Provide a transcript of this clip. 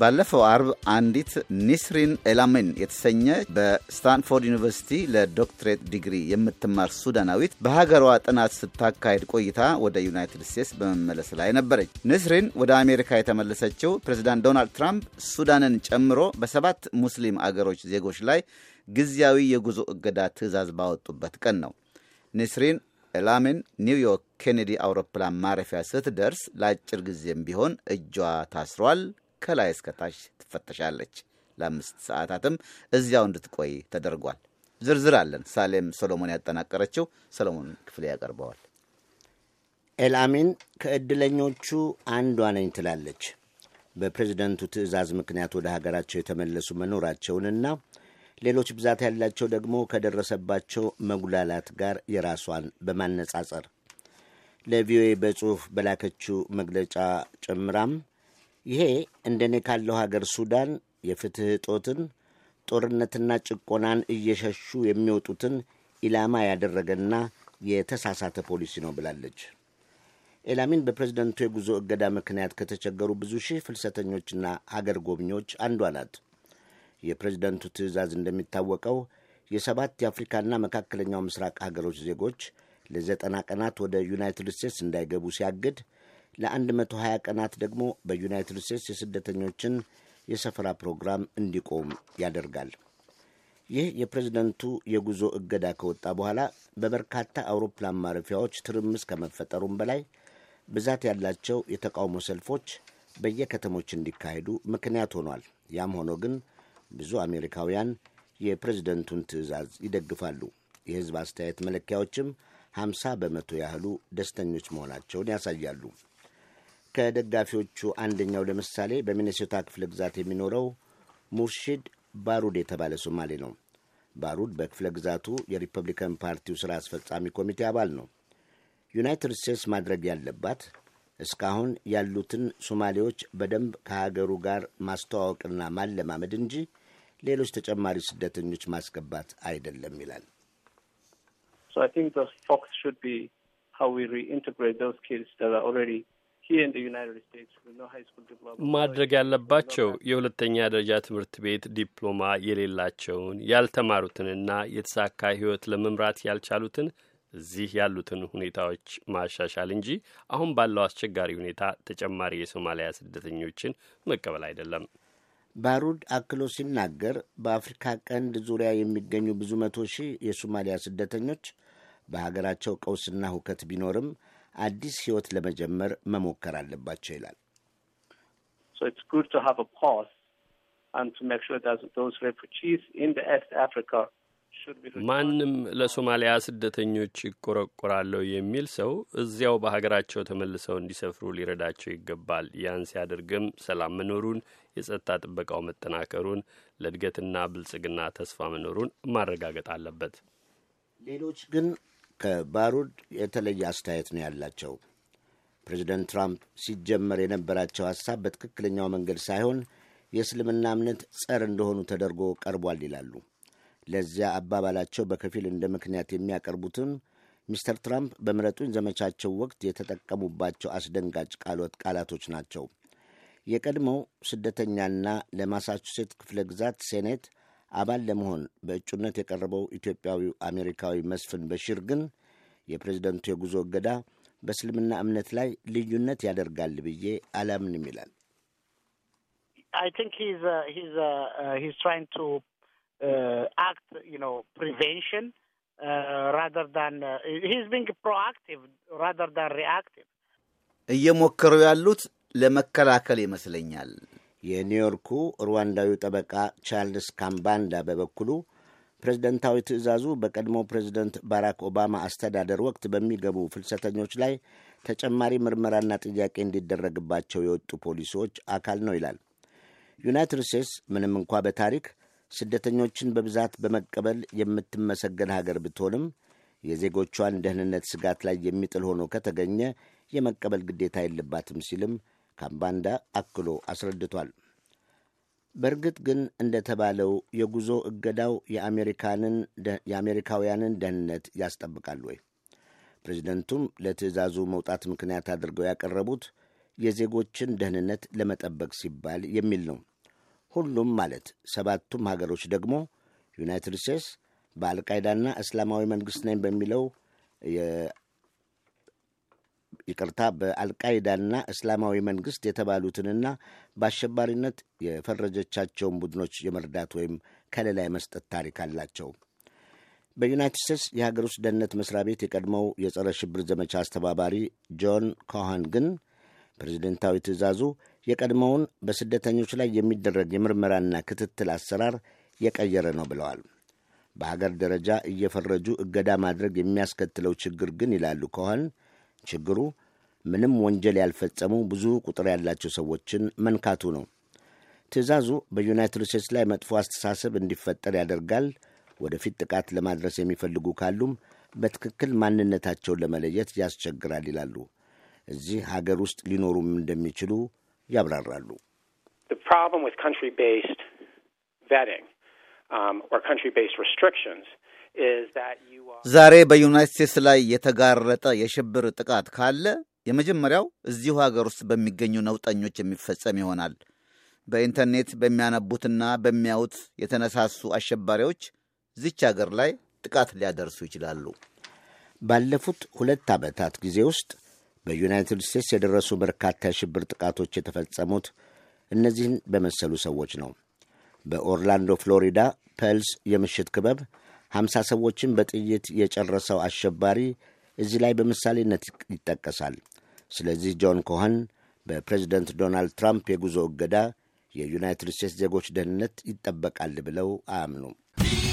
ባለፈው አርብ አንዲት ኒስሪን ኤላሚን የተሰኘ በስታንፎርድ ዩኒቨርሲቲ ለዶክትሬት ዲግሪ የምትማር ሱዳናዊት በሀገሯ ጥናት ስታካሄድ ቆይታ ወደ ዩናይትድ ስቴትስ በመመለስ ላይ ነበረች። ኒስሪን ወደ አሜሪካ የተመለሰችው ፕሬዚዳንት ዶናልድ ትራምፕ ሱዳንን ጨምሮ በሰባት ሙስሊም አገሮች ዜጎች ላይ ጊዜያዊ የጉዞ እገዳ ትዕዛዝ ባወጡበት ቀን ነው። ኒስሪን ኤላሜን ኒውዮርክ ኬኔዲ አውሮፕላን ማረፊያ ስትደርስ ለአጭር ጊዜም ቢሆን እጇ ታስሯል። ከላይ ታች ትፈተሻለች። ለአምስት ሰዓታትም እዚያው እንድትቆይ ተደርጓል። ዝርዝር አለን። ሳሌም ሰሎሞን ያጠናቀረችው፣ ሰሎሞን ክፍሌ ያቀርበዋል። ኤልአሚን ከዕድለኞቹ አንዷ ነኝ ትላለች። በፕሬዝደንቱ ትዕዛዝ ምክንያት ወደ ሀገራቸው የተመለሱ መኖራቸውንና ሌሎች ብዛት ያላቸው ደግሞ ከደረሰባቸው መጉላላት ጋር የራሷን በማነጻጸር ለቪኦኤ በጽሑፍ በላከችው መግለጫ ጨምራም ይሄ እንደኔ ካለው ሀገር ሱዳን የፍትሕ እጦትን ጦርነትና ጭቆናን እየሸሹ የሚወጡትን ኢላማ ያደረገና የተሳሳተ ፖሊሲ ነው ብላለች። ኤላሚን በፕሬዝደንቱ የጉዞ እገዳ ምክንያት ከተቸገሩ ብዙ ሺህ ፍልሰተኞችና ሀገር ጎብኚዎች አንዷ ናት። የፕሬዝደንቱ ትዕዛዝ እንደሚታወቀው የሰባት የአፍሪካና መካከለኛው ምስራቅ ሀገሮች ዜጎች ለዘጠና ቀናት ወደ ዩናይትድ ስቴትስ እንዳይገቡ ሲያግድ ለ120 ቀናት ደግሞ በዩናይትድ ስቴትስ የስደተኞችን የሰፈራ ፕሮግራም እንዲቆም ያደርጋል። ይህ የፕሬዝደንቱ የጉዞ እገዳ ከወጣ በኋላ በበርካታ አውሮፕላን ማረፊያዎች ትርምስ ከመፈጠሩም በላይ ብዛት ያላቸው የተቃውሞ ሰልፎች በየከተሞች እንዲካሄዱ ምክንያት ሆኗል። ያም ሆኖ ግን ብዙ አሜሪካውያን የፕሬዝደንቱን ትዕዛዝ ይደግፋሉ። የሕዝብ አስተያየት መለኪያዎችም 50 በመቶ ያህሉ ደስተኞች መሆናቸውን ያሳያሉ። ከደጋፊዎቹ አንደኛው ለምሳሌ በሚኔሶታ ክፍለ ግዛት የሚኖረው ሙርሺድ ባሩድ የተባለ ሶማሌ ነው። ባሩድ በክፍለ ግዛቱ የሪፐብሊካን ፓርቲው ሥራ አስፈጻሚ ኮሚቴ አባል ነው። ዩናይትድ ስቴትስ ማድረግ ያለባት እስካሁን ያሉትን ሶማሌዎች በደንብ ከሀገሩ ጋር ማስተዋወቅና ማለማመድ እንጂ ሌሎች ተጨማሪ ስደተኞች ማስገባት አይደለም ይላል። ማድረግ ያለባቸው የሁለተኛ ደረጃ ትምህርት ቤት ዲፕሎማ የሌላቸውን ያልተማሩትንና የተሳካ ሕይወት ለመምራት ያልቻሉትን እዚህ ያሉትን ሁኔታዎች ማሻሻል እንጂ አሁን ባለው አስቸጋሪ ሁኔታ ተጨማሪ የሶማሊያ ስደተኞችን መቀበል አይደለም። ባሩድ አክሎ ሲናገር በአፍሪካ ቀንድ ዙሪያ የሚገኙ ብዙ መቶ ሺህ የሶማሊያ ስደተኞች በሀገራቸው ቀውስና ሁከት ቢኖርም አዲስ ሕይወት ለመጀመር መሞከር አለባቸው ይላል። ማንም ለሶማሊያ ስደተኞች ይቆረቆራለሁ የሚል ሰው እዚያው በሀገራቸው ተመልሰው እንዲሰፍሩ ሊረዳቸው ይገባል። ያን ሲያደርግም ሰላም መኖሩን፣ የጸጥታ ጥበቃው መጠናከሩን፣ ለእድገትና ብልጽግና ተስፋ መኖሩን ማረጋገጥ አለበት። ሌሎች ግን ከባሩድ የተለየ አስተያየት ነው ያላቸው። ፕሬዚደንት ትራምፕ ሲጀመር የነበራቸው ሀሳብ በትክክለኛው መንገድ ሳይሆን የእስልምና እምነት ጸር እንደሆኑ ተደርጎ ቀርቧል ይላሉ። ለዚያ አባባላቸው በከፊል እንደ ምክንያት የሚያቀርቡትም ሚስተር ትራምፕ በምረጡኝ ዘመቻቸው ወቅት የተጠቀሙባቸው አስደንጋጭ ቃላቶች ናቸው። የቀድሞው ስደተኛና ለማሳቹሴት ክፍለ ግዛት ሴኔት አባል ለመሆን በእጩነት የቀረበው ኢትዮጵያዊው አሜሪካዊ መስፍን በሺር ግን የፕሬዝደንቱ የጉዞ እገዳ በእስልምና እምነት ላይ ልዩነት ያደርጋል ብዬ አላምንም ይላል። Uh, act, you know, prevention uh, rather than uh, he's being proactive rather than reactive. እየሞከሩ ያሉት ለመከላከል ይመስለኛል። የኒውዮርኩ ሩዋንዳዊ ጠበቃ ቻርልስ ካምባንዳ በበኩሉ ፕሬዝደንታዊ ትዕዛዙ በቀድሞ ፕሬዝደንት ባራክ ኦባማ አስተዳደር ወቅት በሚገቡ ፍልሰተኞች ላይ ተጨማሪ ምርመራና ጥያቄ እንዲደረግባቸው የወጡ ፖሊሲዎች አካል ነው ይላል። ዩናይትድ ስቴትስ ምንም እንኳ በታሪክ ስደተኞችን በብዛት በመቀበል የምትመሰገን ሀገር ብትሆንም የዜጎቿን ደህንነት ስጋት ላይ የሚጥል ሆኖ ከተገኘ የመቀበል ግዴታ የለባትም ሲልም ካምባንዳ አክሎ አስረድቷል። በእርግጥ ግን እንደተባለው የጉዞ እገዳው የአሜሪካውያንን ደህንነት ያስጠብቃል ወይ? ፕሬዚደንቱም ለትዕዛዙ መውጣት ምክንያት አድርገው ያቀረቡት የዜጎችን ደህንነት ለመጠበቅ ሲባል የሚል ነው። ሁሉም ማለት ሰባቱም ሀገሮች ደግሞ ዩናይትድ ስቴትስ በአልቃይዳና እስላማዊ መንግስት ነኝ በሚለው ይቅርታ በአልቃይዳና እስላማዊ መንግስት የተባሉትንና በአሸባሪነት የፈረጀቻቸውን ቡድኖች የመርዳት ወይም ከሌላ የመስጠት ታሪክ አላቸው። በዩናይትድ ስቴትስ የሀገር ውስጥ ደህንነት መስሪያ ቤት የቀድሞው የጸረ ሽብር ዘመቻ አስተባባሪ ጆን ኮሃን ግን ፕሬዚደንታዊ ትዕዛዙ የቀድሞውን በስደተኞች ላይ የሚደረግ የምርመራና ክትትል አሰራር የቀየረ ነው ብለዋል። በሀገር ደረጃ እየፈረጁ እገዳ ማድረግ የሚያስከትለው ችግር ግን ይላሉ ከሆን ችግሩ ምንም ወንጀል ያልፈጸሙ ብዙ ቁጥር ያላቸው ሰዎችን መንካቱ ነው። ትዕዛዙ በዩናይትድ ስቴትስ ላይ መጥፎ አስተሳሰብ እንዲፈጠር ያደርጋል። ወደፊት ጥቃት ለማድረስ የሚፈልጉ ካሉም በትክክል ማንነታቸውን ለመለየት ያስቸግራል ይላሉ። እዚህ ሀገር ውስጥ ሊኖሩም እንደሚችሉ ያብራራሉ። um, ዛሬ በዩናይት ስቴትስ ላይ የተጋረጠ የሽብር ጥቃት ካለ የመጀመሪያው እዚሁ ሀገር ውስጥ በሚገኙ ነውጠኞች የሚፈጸም ይሆናል። በኢንተርኔት በሚያነቡትና በሚያዩት የተነሳሱ አሸባሪዎች ዚች ሀገር ላይ ጥቃት ሊያደርሱ ይችላሉ። ባለፉት ሁለት ዓመታት ጊዜ ውስጥ በዩናይትድ ስቴትስ የደረሱ በርካታ የሽብር ጥቃቶች የተፈጸሙት እነዚህን በመሰሉ ሰዎች ነው። በኦርላንዶ ፍሎሪዳ ፐልስ የምሽት ክበብ ሀምሳ ሰዎችን በጥይት የጨረሰው አሸባሪ እዚህ ላይ በምሳሌነት ይጠቀሳል። ስለዚህ ጆን ኮኸን በፕሬዚደንት ዶናልድ ትራምፕ የጉዞ እገዳ የዩናይትድ ስቴትስ ዜጎች ደህንነት ይጠበቃል ብለው አያምኑም።